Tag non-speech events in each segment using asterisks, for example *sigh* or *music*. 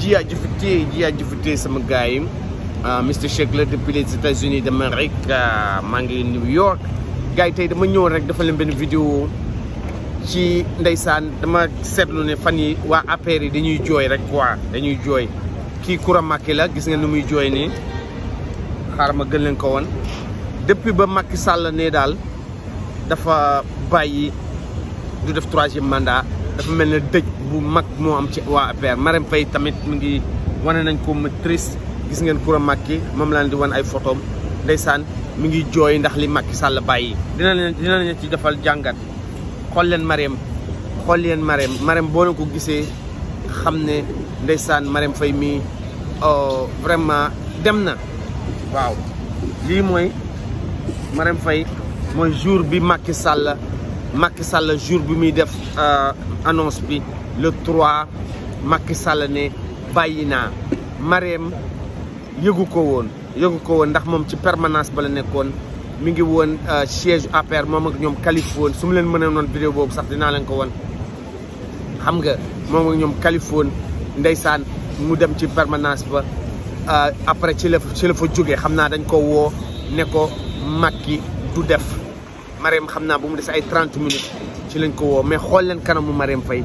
Jia Djifite, Jia Djifite sama gars yi ah, Mister Shake la depuis les États-Unis rek ah, maa ngi New York gars yi tey dama ñëw rek dafa leen benn vidéo ci ndeysaan dama seetlu ne fan yi waa APR yi dañuy jooy rek quoi dañuy jooy ki Coura Macky la gis nga nu muy jooy nii xaar ma gën leen ko woon depuis ba Macky Sall ne daal dafa bàyyi du def troisième mandat dafa mel ne dëj bu mag mo am ci wa APR Marème fay tamit mu ngi wane nañ ko matrice gis ngeen kura makki mom lañ di wan ay photo ndaysan mi ngi joy ndax li makki Sall bayyi dina dina leen ci defal jangat xol len Marème xol len Marème Marème bo lako gisé xamné ndaysan ne fay mi oh vraiment demna waaw li moy fay moy jour bi makki Sall makki Sall jour bi mi def euh, annonce bi le troit makki Sall ne bàyyi naa Marème yëgu ko woon yëgu ko woon ndax moom ci permanence ba la nekkoon mi ngi woon euh, siège APR moom ak ñoom Kalif woon leen mën leen noon vidéo boobu sax dinaa leen ko woon xam nga moom ak ñoom kalifoon woon ndeysaan mu dem ci permanence ba euh, après ci la ci la fa jógee xam naa dañ ko woo ne ko Macky du def Marème xam naa bu mu des ay 30 minutes ci lañ ko woo mais xool leen kanamu Marème Faye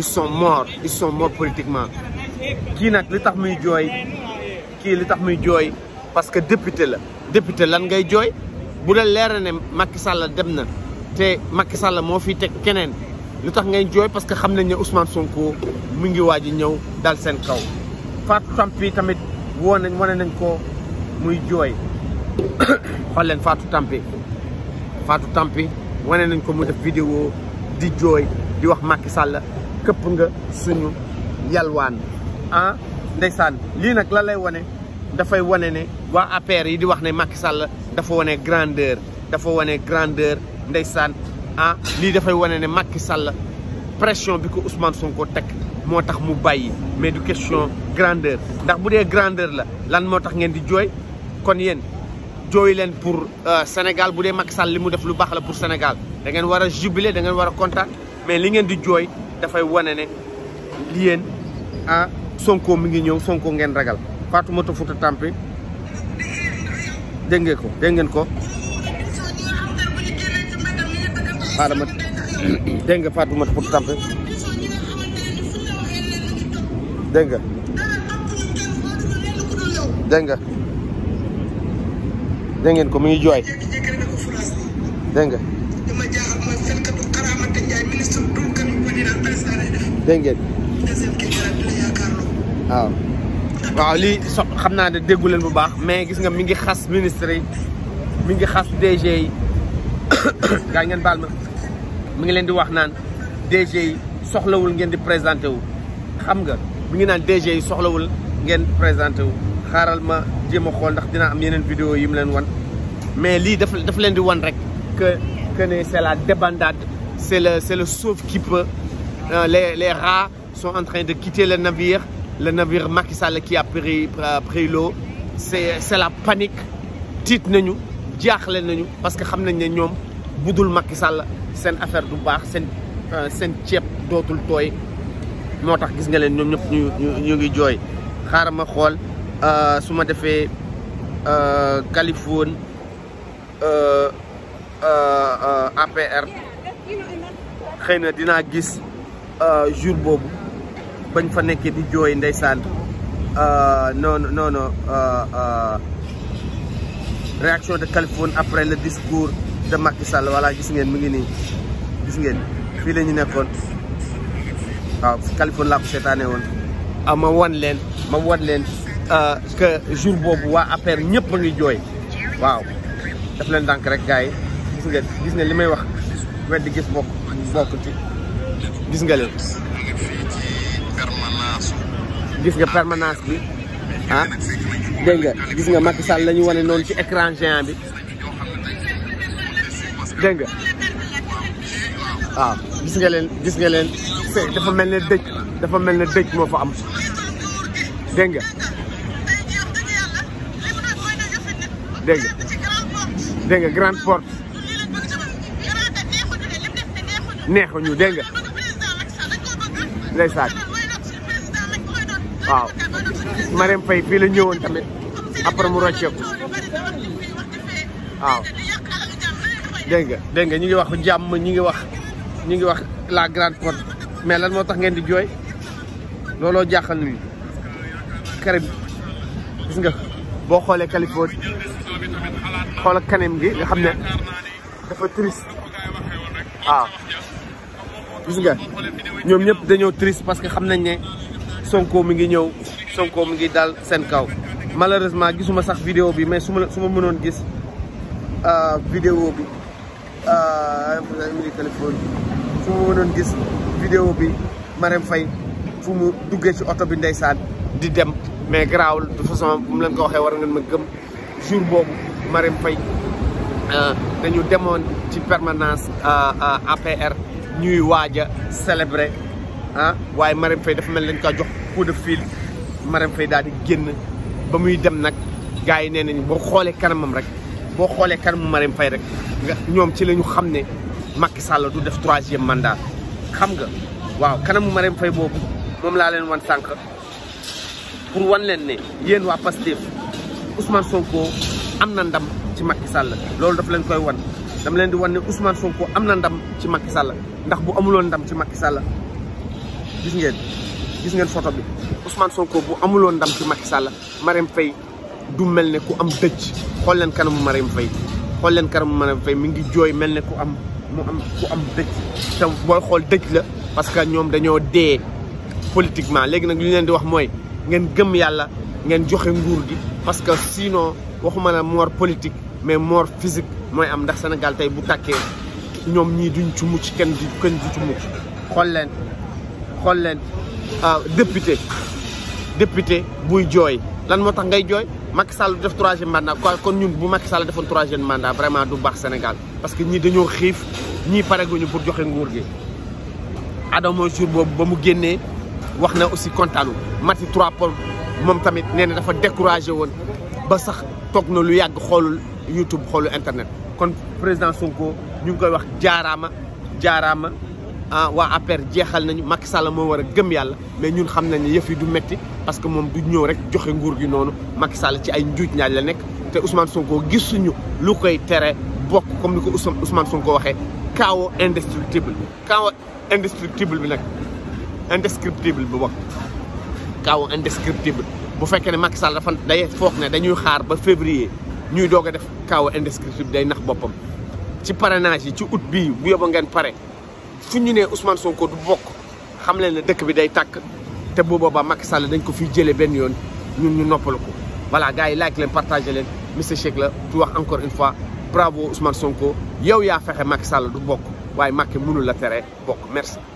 ils sont morts ils sont morts politiquement qui n'a que l'état muy jooy Qui li tax muy jooy parce que député là député lan ngay jooy bu la leera ne Macky Sall dem na te Macky Sall moo fi l'état keneen lu ngay parce que xam nañ ne Ousmane Sonko mu ngi waaj dal Sen kaw Fatou Tampi tamit woo nañ wane nañ ko muy jooy *coughs* xool Fatou Tampi Fatou Tampi wane nañ ko mu def vidéo di jooy di wax Macky Sall këpp nga suñu yalwaan ah ndeysaan li nak la lay wane fay woné né wa APR yi di wax né Macky Sall dafa woné grandeur dafa woné grandeur ndeysaan ah da fay woné né Macky Sall pression bi ko Ousmane Sonko tek motax mu bayyi mais du question grandeur ndax budé grandeur la lan motax tax ngeen di pur kon yéen joy len pour euh, Sénégal bu Macky Sall limu def lu bax la pour Sénégal da ngeen wara da ngeen wara contact mais li ngeen di da fay wone ne li yeen ah sonko mi ngi ñew sonko ngeen ragal Fatoumata futa Tampi dengge ko dengen ko xaaral dengge dégg nga Fatoumata Fouta Tampi dengge dengge dengen ko mi ngi joy dengge dégg ngeen. waaw. li so xam naa ne déggu leen bu baax mais gis nga mi ngi xas ministre yi mi ngi xas DG yi *coughs* gaa ngeen baal ma mi ngi leen di wax naan DG yi soxlawul ngeen di présenté wu. xam nga mu ngi naan DG yi soxlawul ngeen présenté wu xaaral ma jéem a xool ndax dina am yeneen vidéo yi leen wan mais lii daf daf leen di wan rek que que c'est la débandade c'est le c'est le sauve qui Euh, les, les, rats sont en train de quitter le navire, le navire Macky Sall qui a pris, euh, pris l'eau. C'est la panique. tiit nañu jaaxle nañu parce que xam nañ ne ñoom budul Macky Sall seen affaire du baax seen euh, seen ceeb dootul tooy moo tax gis nga leen ñoom ñëpp ñu ñu ngi jooy xaaral ma xool su ma defee Californie euh, euh, APR xëy na dinaa gis. Euh, jur boobu bañ fa nekkee di jooy ndeysaan euh, non non nono euh, réaction de Californie après le discours de Macky Sall voilà gis ngeen mi ngi nii gis ngeen fii la ñu nekkoon waaw Californie laa ko seetaanee woon. Ah, ma wan leen ma wan leen que jour boobu waa APR ñëpp a ngi jooy waaw daf leen dànk rek gars gis ngeen gis ngeen li may wax weddi gis bokk bokk ci. gis nga leen. gis nga permanence bi ah dégg gis nga Macky Sall la ñu wane noonu ci écran géant bi dégg nga waaw gis nga leen gis nga leen dafa mel ne dëj dafa mel ne dëj moo fa am dégg nga dégg nga dégg nga grande porte neexuñu dégg nga ndeysaan ah. waaw Marème Faye fii la ñëwoon tamit après mu rocceeku waaw dégg nga dégg nga ñu ngi wax jàmm ñu ngi wax ñu ngi wax la grande porte mais lan moo tax ngeen di jooy looloo jaaxal ni Karim gis nga boo xoolee kanem gi nga xam ne dafa triste waaw gis nga ñom ñep dañoo triste parce que xamnañ nañ ne sonko mi ngi ñew sonko mi ngi dal sen kaw malheureusement gisuma sax vidéo bi mais suma suma mënon gis euh, vidéo bi euh, mi téléphone su ma mënoon gis vidéo bi Marème fay fu mu duggé ci auto bi ndeysaan di dem mais garaawul de façon bu mu leen ko waxé war ngeen ma gëm jour boobu fay euh dañu démon ci permanence euh, APR ñuy waaj a célébrer ah waaye Marème Faye dafa mel lañ kaa jox coup de fil Marème Faye daal génn ba muy dem nag gars yi nee nañ boo xoolee kanamam rek boo xoolee kanam mu Marème Faye rek nga ñoom ci la xam ne Macky Sall du def troisième mandat xam nga waaw kanamu Marème Faye boobu moom laa leen wan sànq pour wan leen ne yéen waa Pastef Ousmane Sonko am na ndam ci Macky Sall loolu daf leen koy wan dam leen di wan ne Ousmane Sonko am na ndam ci Macky Sall ndax bu amuloon ndam ci makki Sall gis ngeen gis ngeen photo bi Ousmane Sonko bu amuloon ndam ci Macky Sall Marème Faye du mel ne ku am dëj xool leen kanamu Marème Faye xool leen kanamu Marème Faye mi ngi jooy mel ne ku am mu am ku am dëj te booy xool dëj la parce que ñoom dañoo dee politiquement léegi nag li ñu leen di wax mooy ngeen gëm yàlla ngeen joxe nguur gi parce que sinon waxuma la mort politique mais mort physique moy am ndax Sénégal tay bu tàkkee ñom ñi duñ ci mucc kenn du kenn du ci mucc xol xool xol xool ah député député buy jooy lan motax ngay joy Macky Sall def 3e mandat quoi kon ñun bu Macky Sall 3e mandat vraiment du bax Sénégal parce que ñi dañoo xiif ñi pareguñu pour joxe nguur gi Adama jour bobu ba mu génnee wax na aussi kontaanu Mati trois mom tamit néna dafa décourager won ba sax tok na lu yagg xolul YouTube sur internet le président Sonko nous avons koy wax jaaraama jaaraama ah jeexal nañu Macky Sall gëm mais ñun xam nañ ne yi du parce que nous du ñëw rek joxe nguur gi Macky ci ay la nek te Ousmane Sonko gisunu lu koy téré comme Ousmane Sonko waxé chaos indestructible chaos indestructible bi nak indescriptible C'est chaos indescriptible bu fekké Macky Sall dafa day ne dañuy xaar ba février. ñuy doog a def kaaw indescriptible day nax boppam ci parrainage yi ci août bii bu yóbbu ngeen pare fu ñu nee Ousmane Sonko du bokk xam leen ne dëkk bi day takk te bu ba Macky Sall dañ ko fi jëlee benn yoon ñun ñu noppal ko. balaa gars yi like leen partagé leen monsieur Cheikh la tu wax encore une fois prabo Ousmane Sonko yow yaa fexe Macky Sall du bokk waaye Macky mënul la tere bokk merci.